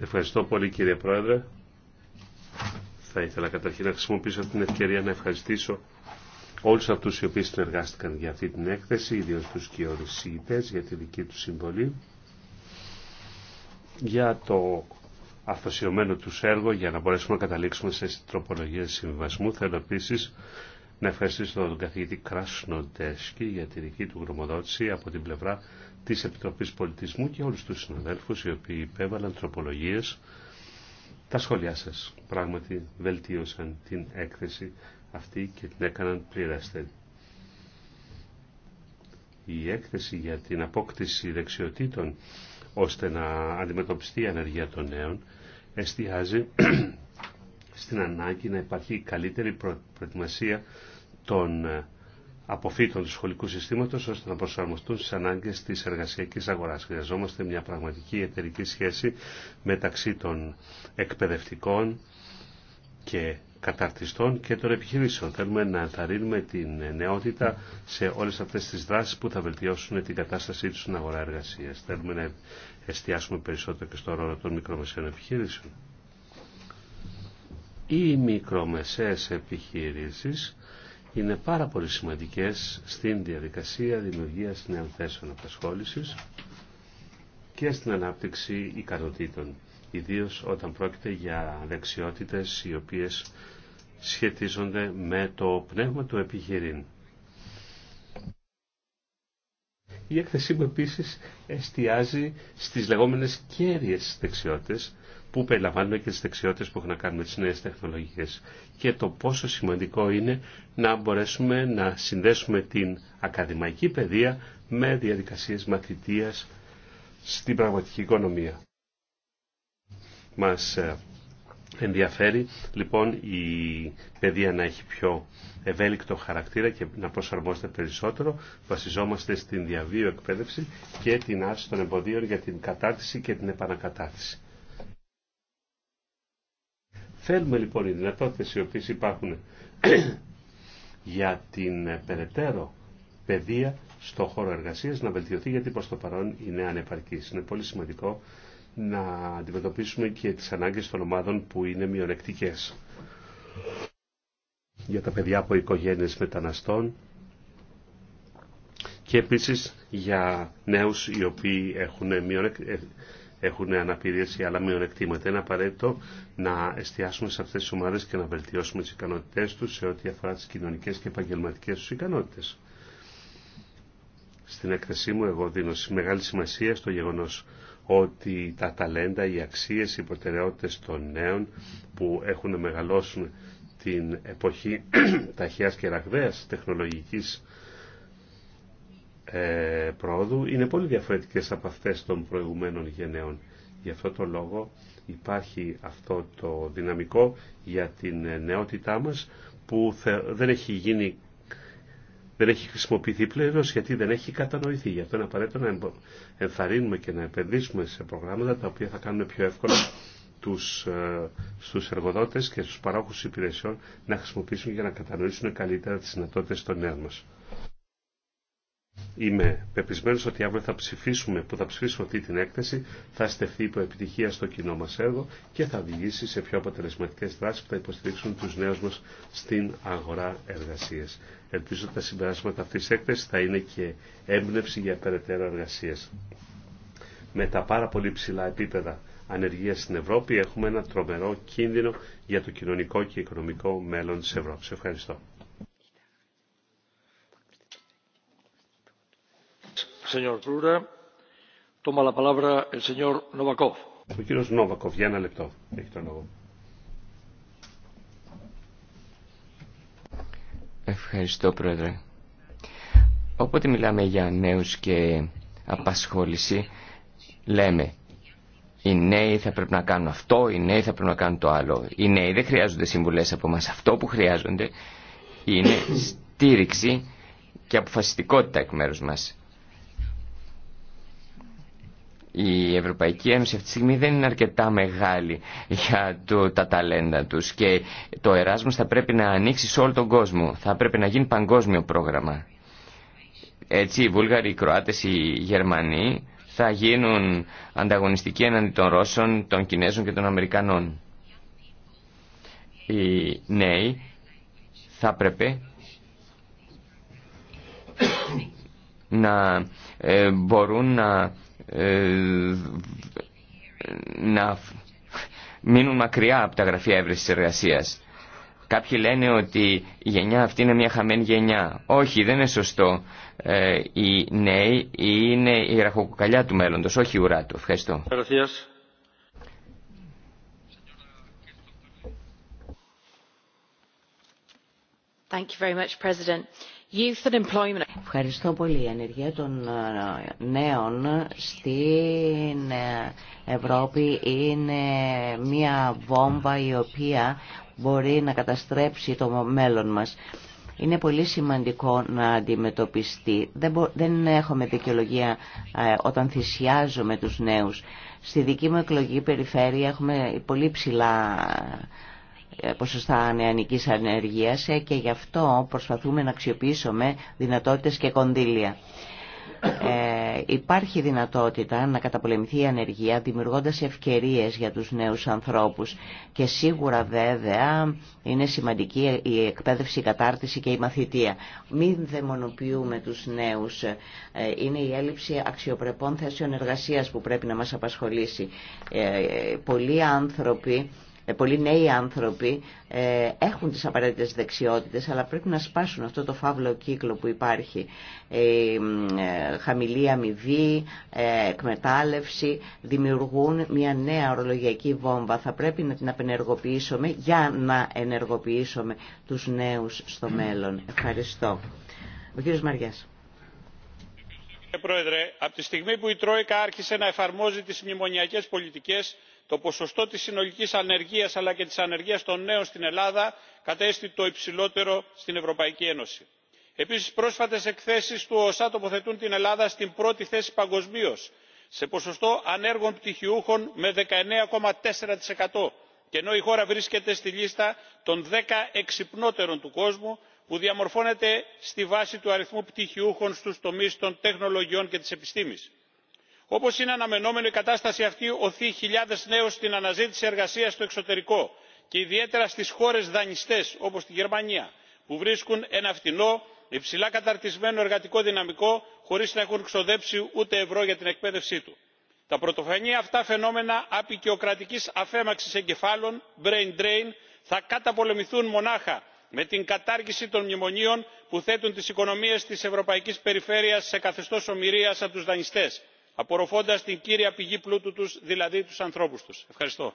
Ευχαριστώ πολύ κύριε Πρόεδρε. Θα ήθελα καταρχήν να χρησιμοποιήσω την ευκαιρία να ευχαριστήσω όλους αυτούς οι οποίοι συνεργάστηκαν για αυτή την έκθεση, ιδίως τους και για τη δική του συμβολή, για το αυτοσιωμένο τους έργο για να μπορέσουμε να καταλήξουμε σε τροπολογίες συμβασμού. Θέλω επίσης να ευχαριστήσω τον καθηγητή Κράσνοντέσκι για τη δική του γνωμοδότηση από την πλευρά της Επιτροπής Πολιτισμού και όλους τους συναδέλφους οι οποίοι υπέβαλαν τροπολογίες. Τα σχόλιά σας πράγματι βελτίωσαν την έκθεση αυτή και την έκαναν πληρέστερη. Η έκθεση για την απόκτηση δεξιοτήτων ώστε να αντιμετωπιστεί η ανεργία των νέων εστιάζει στην ανάγκη να υπάρχει καλύτερη προετοιμασία των ε, αποφύτων του σχολικού συστήματος ώστε να προσαρμοστούν στις ανάγκες της εργασιακής αγοράς. Χρειαζόμαστε μια πραγματική εταιρική σχέση μεταξύ των εκπαιδευτικών και καταρτιστών και των επιχειρήσεων. Θέλουμε να ενθαρρύνουμε την νεότητα σε όλες αυτές τις δράσεις που θα βελτιώσουν την κατάστασή τους στην αγορά εργασίας. Θέλουμε να εστιάσουμε περισσότερο και στο ρόλο των μικρομεσαίων επιχειρήσεων οι μικρομεσαίες επιχειρήσεις είναι πάρα πολύ σημαντικές στην διαδικασία δημιουργίας νέων θέσεων απασχόλησης και στην ανάπτυξη ικανοτήτων, ιδίως όταν πρόκειται για δεξιότητες οι οποίες σχετίζονται με το πνεύμα του επιχειρήν. Η έκθεσή μου επίσης εστιάζει στις λεγόμενες κέρυες δεξιότητες, που περιλαμβάνουν και τις δεξιότητες που έχουν να κάνουν με τις νέες τεχνολογίες και το πόσο σημαντικό είναι να μπορέσουμε να συνδέσουμε την ακαδημαϊκή παιδεία με διαδικασίες μαθητείας στην πραγματική οικονομία. Μας ε, ενδιαφέρει λοιπόν η παιδεία να έχει πιο ευέλικτο χαρακτήρα και να προσαρμόζεται περισσότερο. Βασιζόμαστε στην διαβίω εκπαίδευση και την άρση των εμποδίων για την κατάρτιση και την επανακατάρτιση. Θέλουμε λοιπόν οι δυνατότητες οι οποίες υπάρχουν για την ε, περαιτέρω παιδεία στο χώρο εργασίας να βελτιωθεί γιατί προς το παρόν είναι ανεπαρκής. Είναι πολύ σημαντικό να αντιμετωπίσουμε και τις ανάγκες των ομάδων που είναι μειονεκτικές. Για τα παιδιά από οικογένειες μεταναστών και επίσης για νέους οι οποίοι έχουν μειονεκ... Ε, έχουν αναπηρίαση άλλα μειονεκτήματα. Είναι απαραίτητο να εστιάσουμε σε αυτές τις ομάδες και να βελτιώσουμε τις ικανότητές τους σε ό,τι αφορά τις κοινωνικές και επαγγελματικές τους ικανότητες. Στην έκθεσή μου εγώ δίνω μεγάλη σημασία στο γεγονός ότι τα ταλέντα, οι αξίες, οι προτεραιότητες των νέων που έχουν μεγαλώσουν την εποχή ταχείας και ραγδαίας τεχνολογικής ε, πρόοδου είναι πολύ διαφορετικές από αυτές των προηγουμένων γενναίων. Γι' αυτό το λόγο υπάρχει αυτό το δυναμικό για την νεότητά μας που δεν έχει γίνει δεν έχει χρησιμοποιηθεί πλήρω γιατί δεν έχει κατανοηθεί. Γι' αυτό είναι απαραίτητο να ενθαρρύνουμε και να επενδύσουμε σε προγράμματα τα οποία θα κάνουν πιο εύκολα τους, ε, στους εργοδότες και στους παρόχους υπηρεσιών να χρησιμοποιήσουν για να κατανοήσουν καλύτερα τις δυνατότητες των νέων μας. Είμαι πεπισμένος ότι αύριο θα ψηφίσουμε, που θα ψηφίσουμε αυτή την έκθεση, θα στεφθεί υπό επιτυχία στο κοινό μας έργο και θα οδηγήσει σε πιο αποτελεσματικές δράσεις που θα υποστηρίξουν τους νέους μας στην αγορά εργασίας. Ελπίζω ότι τα συμπεράσματα αυτής της έκθεσης θα είναι και έμπνευση για περαιτέρω εργασίες. Με τα πάρα πολύ ψηλά επίπεδα ανεργία στην Ευρώπη έχουμε ένα τρομερό κίνδυνο για το κοινωνικό και οικονομικό μέλλον της Ευρώπης. Ευχαριστώ. Ευχαριστώ, Πρόεδρε. Όποτε μιλάμε για νέους και απασχόληση, λέμε οι νέοι θα πρέπει να κάνουν αυτό, οι νέοι θα πρέπει να κάνουν το άλλο. Οι νέοι δεν χρειάζονται συμβουλές από μας Αυτό που χρειάζονται είναι στήριξη και αποφασιστικότητα εκ μέρους μας. Η Ευρωπαϊκή Ένωση αυτή τη στιγμή δεν είναι αρκετά μεγάλη για το, τα ταλέντα τους και το Εράσμος θα πρέπει να ανοίξει σε όλο τον κόσμο. Θα πρέπει να γίνει παγκόσμιο πρόγραμμα. Έτσι οι Βούλγαροι, οι Κροάτες, οι Γερμανοί θα γίνουν ανταγωνιστικοί έναντι των Ρώσων, των Κινέζων και των Αμερικανών. Οι νέοι θα πρέπει να ε, μπορούν να ε, να μείνουν μακριά από τα γραφεία έβρεση εργασία. Κάποιοι λένε ότι η γενιά αυτή είναι μια χαμένη γενιά. Όχι, δεν είναι σωστό. Ε, οι νέοι είναι η ραχοκοκαλιά του μέλλοντος, όχι η ουρά του. Ευχαριστώ. Ευχαριστώ. Ευχαριστώ πολύ. Η ενεργεία των ε, νέων στην ε, Ευρώπη είναι μια βόμβα η οποία μπορεί να καταστρέψει το μέλλον μας. Είναι πολύ σημαντικό να αντιμετωπιστεί. Δεν έχουμε δικαιολογία ε, όταν θυσιάζουμε τους νέους. Στη δική μου εκλογή περιφέρεια έχουμε πολύ ψηλά ε, ποσοστά νεανικής ανεργίας ε, και γι' αυτό προσπαθούμε να αξιοποιήσουμε δυνατότητες και κονδύλια. Ε, υπάρχει δυνατότητα να καταπολεμηθεί η ανεργία δημιουργώντας ευκαιρίες για τους νέους ανθρώπους και σίγουρα βέβαια είναι σημαντική η εκπαίδευση, η κατάρτιση και η μαθητεία. Μην δαιμονοποιούμε τους νέους. είναι η έλλειψη αξιοπρεπών θέσεων εργασίας που πρέπει να μας απασχολήσει. πολλοί άνθρωποι ε, πολλοί νέοι άνθρωποι ε, έχουν τις απαραίτητες δεξιότητες αλλά πρέπει να σπάσουν αυτό το φαύλο κύκλο που υπάρχει ε, χαμηλή αμοιβή, εκμετάλλευση δημιουργούν μια νέα ορολογιακή βόμβα θα πρέπει να την απενεργοποιήσουμε για να ενεργοποιήσουμε τους νέους στο μέλλον. Ευχαριστώ. Ο κύριος Μαριάς κύριε πρόεδρε από τη στιγμή που η τρόικα άρχισε να εφαρμόζει τις μνημονιακές πολιτικές το ποσοστό της συνολικής ανεργίας αλλά και της ανεργίας των νέων στην ελλάδα κατέστη το υψηλότερο στην ευρωπαϊκή ένωση. επίσης πρόσφατες εκθέσεις του οσα τοποθετούν την ελλάδα στην πρώτη θέση παγκοσμίω σε ποσοστό ανέργων πτυχιούχων με 19,4% τέσσερα και ενώ η χώρα βρίσκεται στη λίστα των δέκα εξυπνότερων του κόσμου που διαμορφώνεται στη βάση του αριθμού πτυχιούχων στου τομεί των τεχνολογιών και τη επιστήμης. Όπω είναι αναμενόμενο η κατάσταση αυτή οθεί χιλιάδε νέου στην αναζήτηση εργασία στο εξωτερικό και ιδιαίτερα στι χώρε δανειστέ όπω τη γερμανία που βρίσκουν ένα φτηνό υψηλά καταρτισμένο εργατικό δυναμικό χωρί να έχουν ξοδέψει ούτε ευρώ για την εκπαίδευσή του. τα πρωτοφανή αυτά φαινόμενα απεικιοκρατική αφέμαξη εγκεφάλων brain drain θα καταπολεμηθούν μονάχα με την κατάργηση των μνημονίων που θέτουν τις οικονομίες της ευρωπαϊκής περιφέρειας σε καθεστώς ομοιρίας από τους δανειστές απορροφώντας την κύρια πηγή πλούτου τους δηλαδή τους ανθρώπους τους. ευχαριστώ.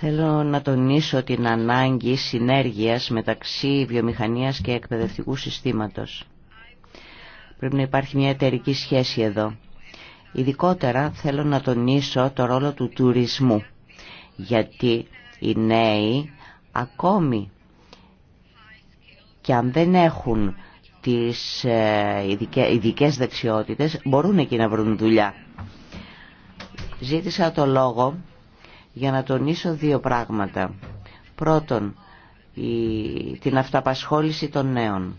Θέλω να τονίσω την ανάγκη συνέργειας μεταξύ βιομηχανίας και εκπαιδευτικού συστήματος. Πρέπει να υπάρχει μια εταιρική σχέση εδώ. Ειδικότερα θέλω να τονίσω το ρόλο του τουρισμού, γιατί οι νέοι ακόμη και αν δεν έχουν τις ε, ειδικέ δεξιότητες μπορούν εκεί να βρουν δουλειά. Ζήτησα το λόγο για να τονίσω δύο πράγματα. Πρώτον, την αυταπασχόληση των νέων.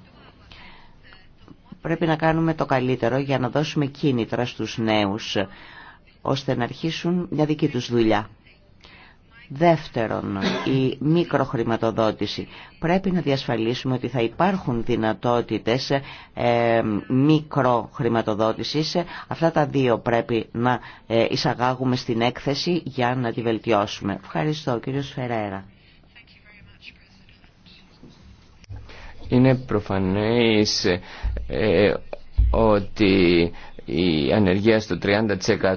Πρέπει να κάνουμε το καλύτερο για να δώσουμε κίνητρα στους νέους, ώστε να αρχίσουν μια δική τους δουλειά. Δεύτερον, η μικροχρηματοδότηση. Πρέπει να διασφαλίσουμε ότι θα υπάρχουν δυνατότητες ε, μικροχρηματοδότησης. Αυτά τα δύο πρέπει να ε, εισαγάγουμε στην έκθεση για να τη βελτιώσουμε. Ευχαριστώ, κύριο Φεραίρα. Είναι προφανές ε, ότι η ανεργία στο 30%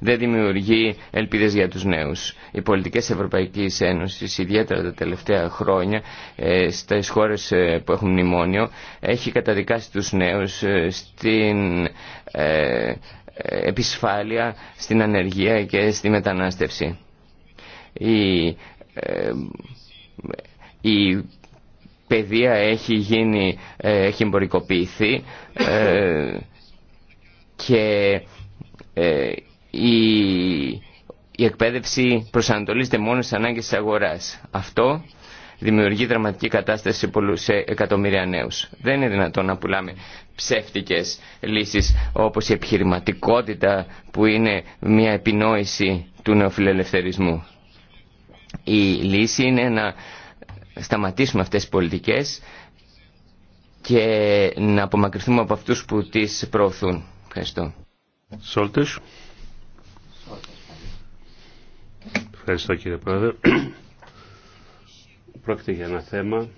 δεν δημιουργεί ελπίδες για τους νέους. Οι πολιτικές Ευρωπαϊκής Ένωσης, ιδιαίτερα τα τελευταία χρόνια, ε, στις χώρες ε, που έχουν μνημόνιο, έχει καταδικάσει τους νέους ε, στην επισφάλεια, στην ανεργία και στη μετανάστευση. Η, παιδεία έχει γίνει, ε, έχει εμπορικοποιηθεί ε, και ε, η, η εκπαίδευση προσανατολίζεται μόνο στις ανάγκες της αγοράς. Αυτό δημιουργεί δραματική κατάσταση σε, εκατομμύρια νέους. Δεν είναι δυνατόν να πουλάμε ψεύτικες λύσεις όπως η επιχειρηματικότητα που είναι μια επινόηση του νεοφιλελευθερισμού. Η λύση είναι να σταματήσουμε αυτές τις πολιτικές και να απομακρυνθούμε από αυτούς που τις προωθούν. Ευχαριστώ. Σόλτες. Ευχαριστώ κύριε Πρόεδρε. Πρόκειται για ένα θέμα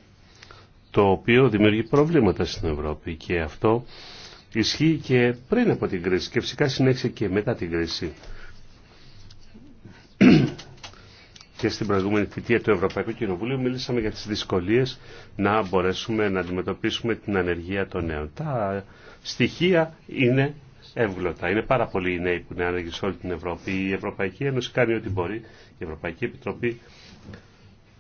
το οποίο δημιουργεί προβλήματα στην Ευρώπη και αυτό ισχύει και πριν από την κρίση και φυσικά συνέχισε και μετά την κρίση. και στην προηγούμενη θητεία του Ευρωπαϊκού Κοινοβουλίου μίλησαμε για τις δυσκολίες να μπορέσουμε να αντιμετωπίσουμε την ανεργία των νέων. Τα στοιχεία είναι εύγλωτα. Είναι πάρα πολλοί οι νέοι που είναι άνεργοι σε όλη την Ευρώπη. Η Ευρωπαϊκή Ένωση κάνει ό,τι μπορεί. Η Ευρωπαϊκή Επιτροπή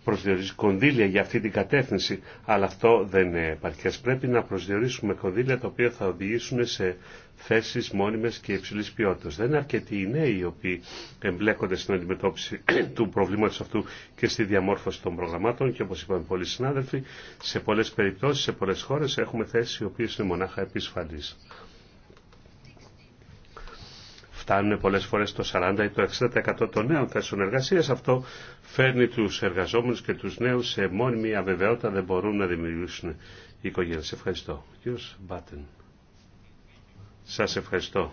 προσδιορίζει κονδύλια για αυτή την κατεύθυνση, αλλά αυτό δεν είναι επαρκές. Πρέπει να προσδιορίσουμε κονδύλια τα οποία θα οδηγήσουν σε θέσεις μόνιμες και υψηλής ποιότητας. Δεν είναι αρκετοί οι νέοι οι οποίοι εμπλέκονται στην αντιμετώπιση του προβλήματος αυτού και στη διαμόρφωση των προγραμμάτων και όπως είπαμε πολλοί συνάδελφοι, σε πολλές περιπτώσεις, σε πολλές χώρες έχουμε θέσεις οι οποίες είναι μονάχα επισφαλείς φτάνουν πολλές φορές το 40 ή το 60% των νέων θέσεων εργασίας. Αυτό φέρνει τους εργαζόμενους και τους νέους σε μόνιμη αβεβαιότητα, δεν μπορούν να δημιουργήσουν οικογένειες. Ευχαριστώ. Κύριος Μπάτεν. Σας ευχαριστώ.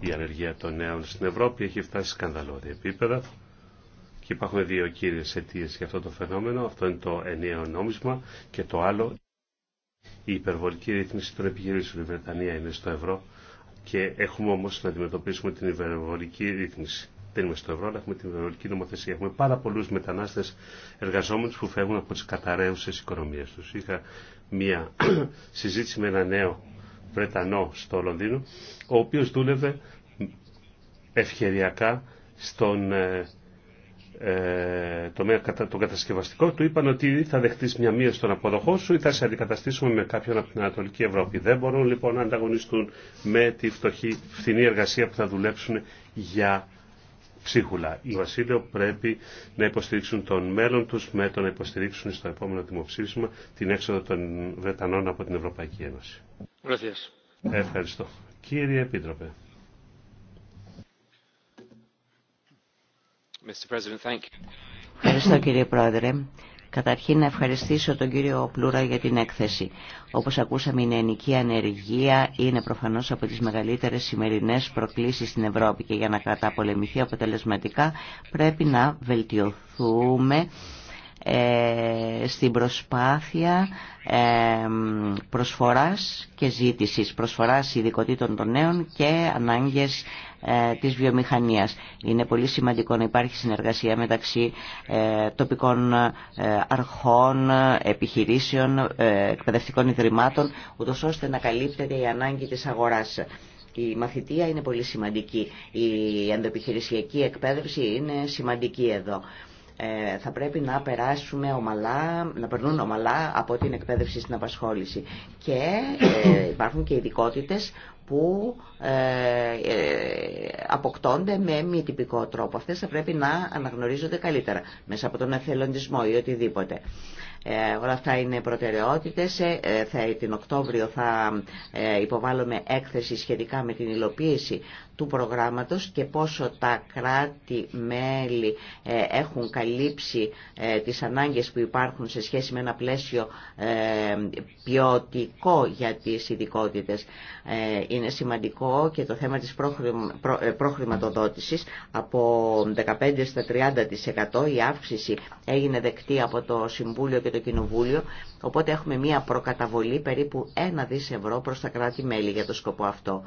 Η ανεργία των νέων στην Ευρώπη έχει φτάσει σκανδαλώδη επίπεδα και υπάρχουν δύο κύριες αιτίε για αυτό το φαινόμενο. Αυτό είναι το ενιαίο νόμισμα και το άλλο η υπερβολική ρύθμιση των επιχειρήσεων. Η Βρετανία είναι στο ευρώ και έχουμε όμως να αντιμετωπίσουμε την υπερβολική ρύθμιση. Δεν είμαστε στο ευρώ, αλλά έχουμε την υπερβολική νομοθεσία. Έχουμε πάρα πολλούς μετανάστες εργαζόμενους που φεύγουν από τις καταραίουσες οικονομίες τους. Είχα μία συζήτηση με ένα νέο Βρετανό στο Λονδίνο, ο οποίος δούλευε ευκαιριακά στον ε, ε, το κατασκευαστικό του είπαν ότι θα δεχτείς μια μία στον αποδοχό σου ή θα σε αντικαταστήσουμε με κάποιον από την Ανατολική Ευρώπη. Δεν μπορούν λοιπόν να ανταγωνιστούν με τη φτωχή, φθηνή εργασία που θα δουλέψουν για ψίχουλα. Οι Βασίλειο πρέπει να υποστηρίξουν τον μέλλον τους με το να υποστηρίξουν στο επόμενο δημοψήφισμα την έξοδο των Βρετανών από την Ευρωπαϊκή Ένωση. Ευχαριστώ. Ευχαριστώ. Κύριε Επίτροπε. Ευχαριστώ κύριε Πρόεδρε. Καταρχήν να ευχαριστήσω τον κύριο Πλούρα για την έκθεση. Όπως ακούσαμε η νεανική ανεργία είναι προφανώς από τις μεγαλύτερες σημερινές προκλήσεις στην Ευρώπη και για να καταπολεμηθεί αποτελεσματικά πρέπει να βελτιωθούμε ε, στην προσπάθεια ε, προσφοράς και ζήτησης, προσφοράς ειδικοτήτων των νέων και ανάγκες ε, της βιομηχανίας. Είναι πολύ σημαντικό να υπάρχει συνεργασία μεταξύ τοπικών αρχών, επιχειρήσεων, εκπαιδευτικών ιδρυμάτων, ούτως ώστε να καλύπτεται η ανάγκη της αγοράς. Η μαθητεία είναι πολύ σημαντική. Η ενδοεπιχειρησιακή εκπαίδευση είναι σημαντική εδώ. Ε, θα πρέπει να περάσουμε ομαλά, να περνούν ομαλά από την εκπαίδευση στην απασχόληση. Και ε, υπάρχουν και ειδικότητε που ε, αποκτώνται με μη τυπικό τρόπο. Αυτές θα πρέπει να αναγνωρίζονται καλύτερα μέσα από τον εθελοντισμό ή οτιδήποτε. Ε, όλα αυτά είναι προτεραιότητες. θα, την Οκτώβριο θα υποβάλλουμε έκθεση σχετικά με την υλοποίηση του προγράμματος και πόσο τα κράτη-μέλη ε, έχουν καλύψει ε, τις ανάγκες που υπάρχουν σε σχέση με ένα πλαίσιο ε, ποιοτικό για τις ειδικότητε. Είναι σημαντικό και το θέμα της προχρηματοδότησης από 15% στα 30% η αύξηση έγινε δεκτή από το Συμβούλιο και το Κοινοβούλιο οπότε έχουμε μία προκαταβολή περίπου 1 δις ευρώ προς τα κράτη-μέλη για το σκοπό αυτό.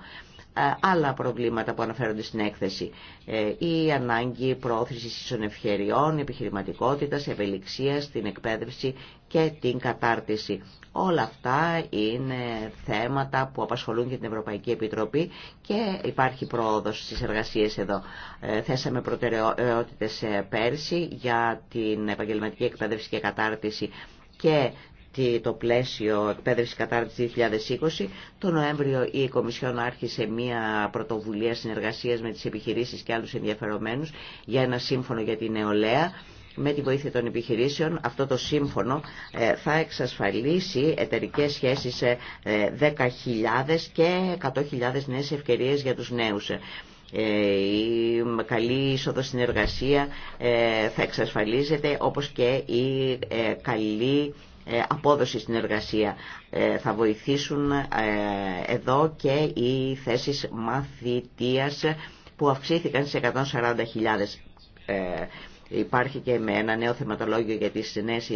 Ε, άλλα προβλήματα που αναφέρονται στην έκθεση. Ε, η ανάγκη προώθησης ίσων ευχαιριών, επιχειρηματικότητας, ευελιξίας, την εκπαίδευση και την κατάρτιση. Όλα αυτά είναι θέματα που απασχολούν και την Ευρωπαϊκή Επιτροπή και υπάρχει πρόοδος στις εργασίες εδώ. Ε, θέσαμε προτεραιότητε πέρσι για την επαγγελματική εκπαίδευση και κατάρτιση και το πλαίσιο εκπαίδευση κατάρτιση 2020. Το Νοέμβριο η Κομισιόν άρχισε μια πρωτοβουλία συνεργασίας με τις επιχειρήσεις και άλλους ενδιαφερομένους για ένα σύμφωνο για την νεολαία. Με τη βοήθεια των επιχειρήσεων αυτό το σύμφωνο ε, θα εξασφαλίσει εταιρικές σχέσεις 10.000 ε, ε, και 100.000 νέες ευκαιρίες για τους νέους. Η καλή είσοδο συνεργασία θα εξασφαλίζεται όπως και η καλή ε, απόδοση στην εργασία. Ε, θα βοηθήσουν ε, εδώ και οι θέσεις μαθητείας που αυξήθηκαν σε 140.000 Υπάρχει και με ένα νέο θεματολόγιο για τις νέες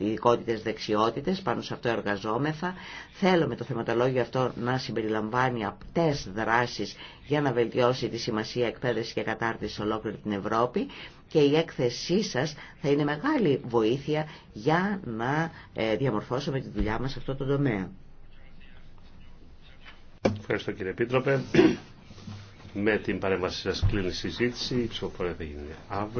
ειδικότητες δεξιότητες, πάνω σε αυτό εργαζόμεθα. Θέλουμε το θεματολόγιο αυτό να συμπεριλαμβάνει απτές δράσεις για να βελτιώσει τη σημασία εκπαίδευση και κατάρτιση σε ολόκληρη την Ευρώπη και η έκθεσή σας θα είναι μεγάλη βοήθεια για να ε, διαμορφώσουμε τη δουλειά μας σε αυτό το τομέα. Ευχαριστώ κύριε Επίτροπε. Με την παρέμβαση σας κλείνει η συζήτηση. Η ψηφοφορία θα γίνει αύριο.